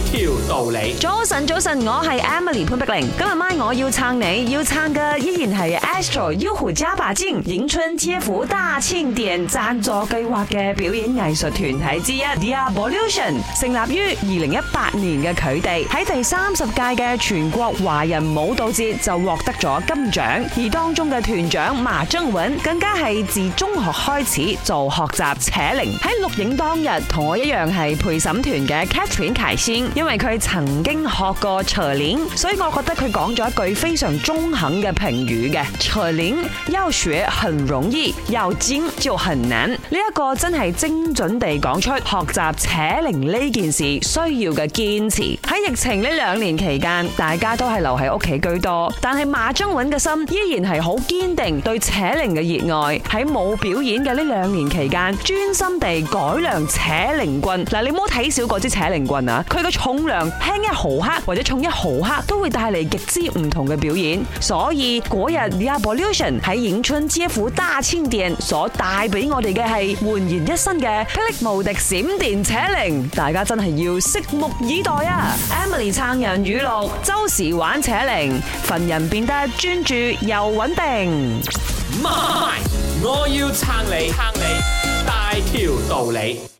條道理。早晨，早晨，我係 Emily 潘碧玲。今日晚我要撐，你要撐嘅依然係 Astro YUHU 優酷加把勁、映春、TF、大千殿贊助計劃嘅表演藝術團體之一 The Evolution 成立於二零一八年嘅佢哋，喺第三十屆嘅全國華人舞蹈節就獲得咗金獎，而當中嘅團長麻爭允更加係自中學開始就學習扯鈴。喺錄影當日，同我一樣係陪審團嘅 Catherine k 因為佢曾經學過扯鈴，所以我覺得佢講咗一句非常中肯嘅評語嘅：扯鈴又學很容易，又尖就很難。呢一個真係精準地講出學習扯鈴呢件事需要嘅堅持。喺疫情呢兩年期間，大家都係留喺屋企居多，但係馬忠穩嘅心依然係好堅定對扯鈴嘅熱愛。喺冇表演嘅呢兩年期間，專心地改良扯鈴棍。嗱，你冇睇小嗰支扯鈴棍啊，重量輕一毫克或者重一毫克都會帶嚟極之唔同嘅表演，所以嗰日 Revolution 喺影春之府》、《大千電所帶俾我哋嘅係煥然一新嘅霹靂無敵閃電扯鈴，大家真係要拭目以待啊！Emily 撐人語錄，周時玩扯鈴，份人變得專注又穩定。媽咪，我要撐你，撐你大條道理。